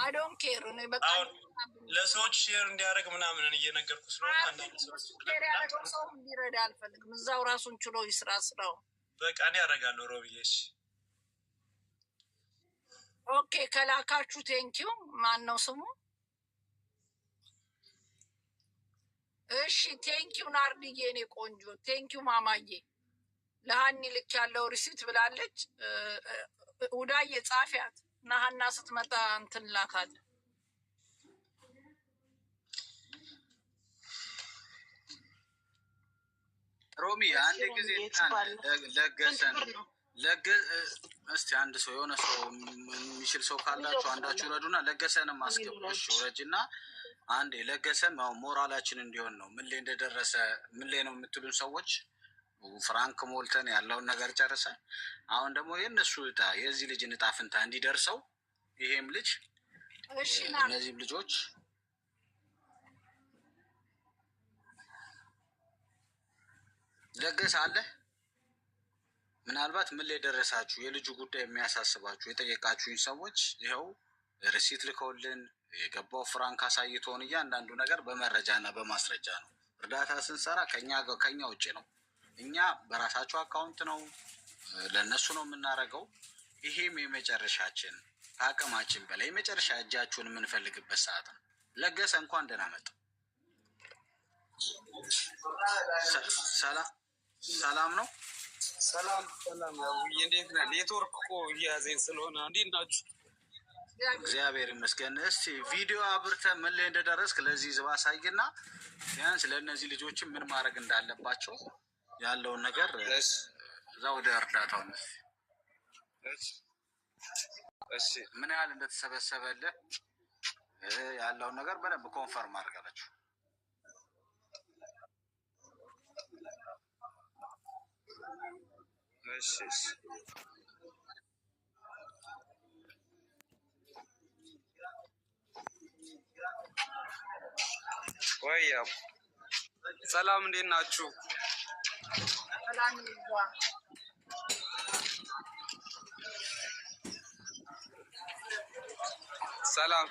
አዶን ኬር ለሰዎች ሼር እንዲያደርግ ምናምን እየነገርኩ ስለሆነ ያደረገው ሰው እንዲረዳ አልፈልግም። እዛው ራሱን ችሎ ይስራ ስራው። በቃ እኔ ያደርጋለሁ። ሮብዬሽ ኦኬ ከላካችሁ ቴንኪው። ማን ነው ስሙ? እሺ ቴንኪው ናርድዬ፣ እኔ ቆንጆ ቴንኪው ማማዬ። ለሀኒ ልክ ያለው ሪሲት ብላለች። ውዳዬ ጻፊያት ናሀና ስትመጣ እንትን ሮሚ አንድ ጊዜ ለገሰን እስቲ አንድ ሰው የሆነ ሰው የሚችል ሰው ካላችሁ አንዳችሁ ረዱና ለገሰንም አስገብሎች ረጅና አንድ ለገሰን ሞራላችን እንዲሆን ነው። ምን ላይ እንደደረሰ ምን ላይ ነው የምትሉን ሰዎች ፍራንክ ሞልተን ያለውን ነገር ጨርሰን አሁን ደግሞ የእነሱ እጣ የዚህ ልጅ እጣ እንዲደርሰው ይሄም ልጅ እነዚህም ልጆች ደገስ አለ። ምናልባት ምን ላይ ደረሳችሁ የልጁ ጉዳይ የሚያሳስባችሁ የጠየቃችሁኝ ሰዎች ይኸው ርሲት ልከውልን የገባው ፍራንክ አሳይቶን እያንዳንዱ ነገር በመረጃ እና በማስረጃ ነው። እርዳታ ስንሰራ ከኛ ውጭ ነው። እኛ በራሳቸው አካውንት ነው ለእነሱ ነው የምናደርገው። ይሄም የመጨረሻችን ከአቅማችን በላይ የመጨረሻ እጃችሁን የምንፈልግበት ሰዓት ነው። ለገሰ እንኳን ደህና ሰላም ነው። ሰላም ሰላም። እንዴት ነህ? ኔትወርክ እኮ ስለሆነ እንዴት ናችሁ? እግዚአብሔር ይመስገን። እስቲ ቪዲዮ አብርተህ ምን ላይ እንደደረስክ ለዚህ ህዝብ አሳይና ቢያንስ ለእነዚህ ልጆችም ምን ማድረግ እንዳለባቸው ያለውን ነገር እዛ ወደ እርዳታው ምን ያህል እንደተሰበሰበልህ ያለውን ነገር በደንብ ኮንፈርም አድርጋለችሁ። ወይ ሰላም፣ እንዴት ናችሁ? ሰላም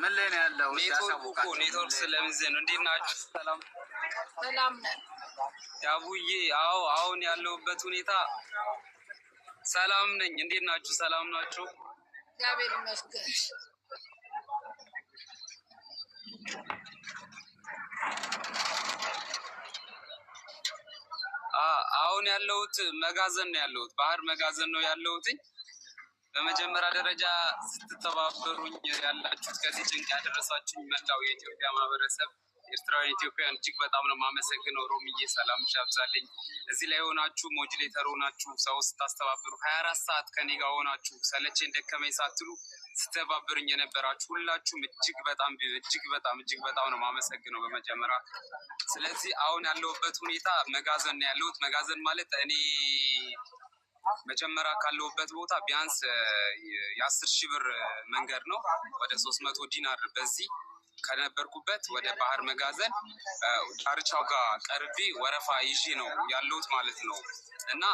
ምን ላይ ነው ያለው? ኔትወርክ ኔትወርክ ነው። እንዴት ናችሁ? ሰላም ሰላም ነን። ያቡዬ አዎ፣ አሁን ያለሁበት ሁኔታ ሰላም ነኝ። እንዴት ናችሁ? ሰላም ናችሁ? እግዚአብሔር ይመስገን። አሁን ያለሁት መጋዘን ነው ያለሁት፣ ባህር መጋዘን ነው ያለሁትኝ። በመጀመሪያ ደረጃ ስትተባበሩኝ ያላችሁት ከዚህ ጭንቅ ያደረሳችሁኝ መላው የኢትዮጵያ ማህበረሰብ ኤርትራውያን፣ ኢትዮጵያን እጅግ በጣም ነው የማመሰግነው። ሮምዬ ሰላም ሻብዛለኝ። እዚህ ላይ የሆናችሁ ሞጅሌተር ሆናችሁ ሰው ስታስተባብሩ ሀያ አራት ሰዓት ከኔ ጋር ሆናችሁ ሰለቼን ደከመኝ ሳትሉ ስተባበሩኝ የነበራችሁ ሁላችሁም እጅግ በጣም እጅግ በጣም እጅግ በጣም ነው ማመሰግነው በመጀመሪያ። ስለዚህ አሁን ያለሁበት ሁኔታ መጋዘን ነው ያለሁት። መጋዘን ማለት እኔ መጀመሪያ ካለሁበት ቦታ ቢያንስ የአስር ሺህ ብር መንገድ ነው ወደ ሶስት መቶ ዲናር በዚህ ከነበርኩበት ወደ ባህር መጋዘን ዳርቻው ጋር ቀርቤ ወረፋ ይዤ ነው ያለሁት ማለት ነው እና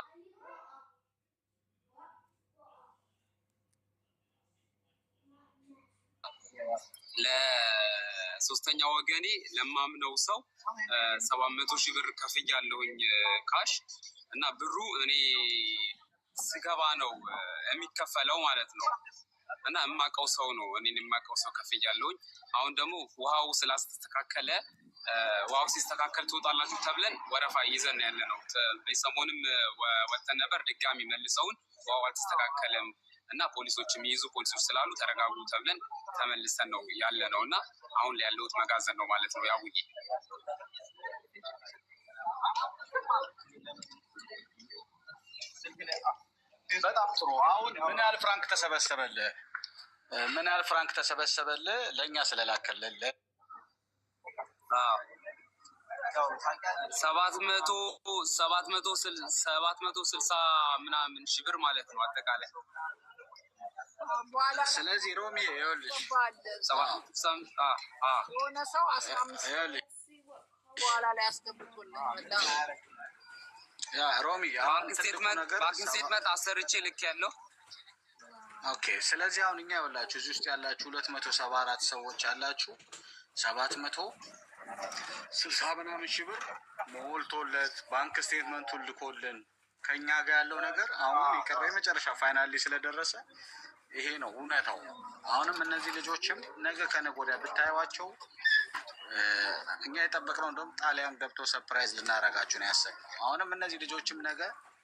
ለሶስተኛ ወገኔ ለማምነው ሰው ሰባት መቶ ሺህ ብር ከፍያለሁኝ ካሽ እና ብሩ እኔ ስገባ ነው የሚከፈለው ማለት ነው። እና የማውቀው ሰው ነው እኔን የማውቀው ሰው ከፍያለሁኝ። አሁን ደግሞ ውሃው ስላስተካከለ ውሃው ሲስተካከል ትወጣላችሁ ተብለን ወረፋ ይዘን ያለ ነው። ሰሞንም ወጥተን ነበር ድጋሚ መልሰውን ውሃው አልተስተካከለም እና ፖሊሶች የሚይዙ ፖሊሶች ስላሉ ተረጋጉ ተብለን ተመልሰን ነው ያለ ነው እና አሁን ላይ ያለሁት መጋዘን ነው ማለት ነው ያውይ በጣም ጥሩ አሁን ምን ያህል ፍራንክ ተሰበሰበል ምን ያህል ፍራንክ ተሰበሰበል ለእኛ ስለላከልህ ሰባት መቶ ሰባት መቶ ስልሳ ምናምን ሺህ ብር ማለት ነው አጠቃላይ ስለዚህ ሮሚ የሆነ ሰው አስራ አምስት በኋላ ላይ ሮሚ ባንክ ስቴትመንት አሰርቼ ልክ ያለው ኦኬ። ስለዚህ አሁን እኛ ይኸውላችሁ እዚህ ውስጥ ያላችሁ ሁለት መቶ ሰባ አራት ሰዎች ያላችሁ ሰባት መቶ ስልሳ ምናምን ሺህ ብር ሞልቶለት ባንክ ስቴትመንቱን ልኮልን ከእኛ ጋር ያለው ነገር አሁን የቀረ የመጨረሻ ፋይናሊ ስለደረሰ ይሄ ነው እውነታው። አሁንም እነዚህ ልጆችም ነገ ከነገ ወዲያ ብታዩዋቸው እኛ የጠበቅነው እንደውም ጣሊያን ገብቶ ሰርፕራይዝ ልናረጋችሁ ነው ያሰብነው። አሁንም እነዚህ ልጆችም ነገ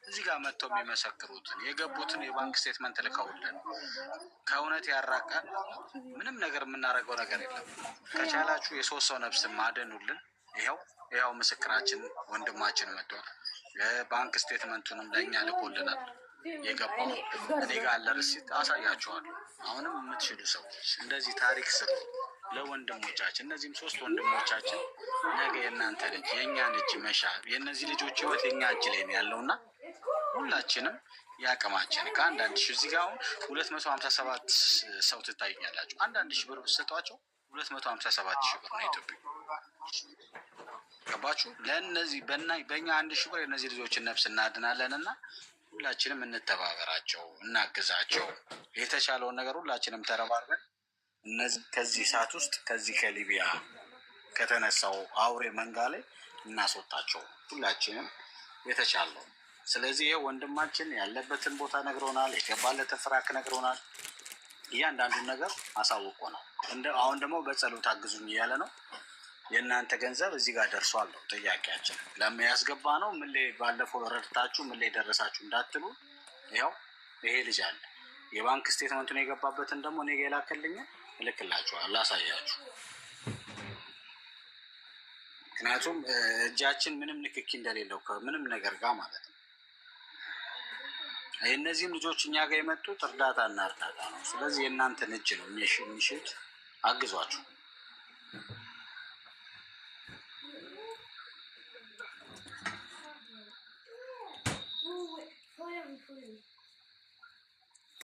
እዚህ ጋር መጥተው የሚመሰክሩትን የገቡትን የባንክ ስቴትመንት ልከውልን ከእውነት ያራቀ ምንም ነገር የምናደርገው ነገር የለም። ከቻላችሁ የሶስት ሰው ነፍስ ማደኑልን። ይኸው ይኸው ምስክራችን ወንድማችን መጥቷል። የባንክ ስቴትመንቱንም ለእኛ ልኮልናል። የገባው እኔ ጋር አለ ርሲት አሳያችኋለሁ። አሁንም የምትችሉ ሰዎች እንደዚህ ታሪክ ስሩ ለወንድሞቻችን። እነዚህም ሶስት ወንድሞቻችን ነገ የእናንተ ልጅ የእኛ ልጅ መሻ የእነዚህ ልጆች ህይወት የእኛ እጅ ላይ ነው ያለው እና ሁላችንም የአቅማችን ከአንዳንድ ሺ እዚህ ጋ አሁን ሁለት መቶ ሀምሳ ሰባት ሰው ትታይኛላችሁ። አንዳንድ ሺ ብር ብትሰጧቸው ሁለት መቶ ሀምሳ ሰባት ሺ ብር ነው ኢትዮጵያ ገባችሁ። ለእነዚህ በእኛ አንድ ሺ ብር የእነዚህ ልጆችን ነፍስ እናድናለን እና ሁላችንም እንተባበራቸው፣ እናግዛቸው። የተቻለውን ነገር ሁላችንም ተረባርበን እነዚህ ከዚህ ሰዓት ውስጥ ከዚህ ከሊቢያ ከተነሳው አውሬ መንጋ ላይ እናስወጣቸው፣ ሁላችንም የተቻለው። ስለዚህ ይህ ወንድማችን ያለበትን ቦታ ነግሮናል፣ የገባለትን ፍራክ ነግሮናል፣ እያንዳንዱን ነገር አሳውቆ ነው። አሁን ደግሞ በጸሎት አግዙኝ እያለ ነው። የእናንተ ገንዘብ እዚህ ጋር ደርሷል ነው ጥያቄያችን። ለምን ያስገባ ነው? ምን ላይ ባለፈው ረድታችሁ ምን ላይ ደረሳችሁ እንዳትሉ፣ ይኸው ይሄ ልጅ አለ የባንክ ስቴትመንቱን የገባበትን ደግሞ እኔ የላከልኝ እልክላችኋል፣ ላሳያችሁ። ምክንያቱም እጃችን ምንም ንክኪ እንደሌለው ከምንም ነገር ጋር ማለት ነው። የእነዚህም ልጆች እኛ ጋር የመጡት እርዳታ እና እርዳታ ነው። ስለዚህ የእናንተን እጅ ነው የሚሽት፣ አግዟችሁ 对。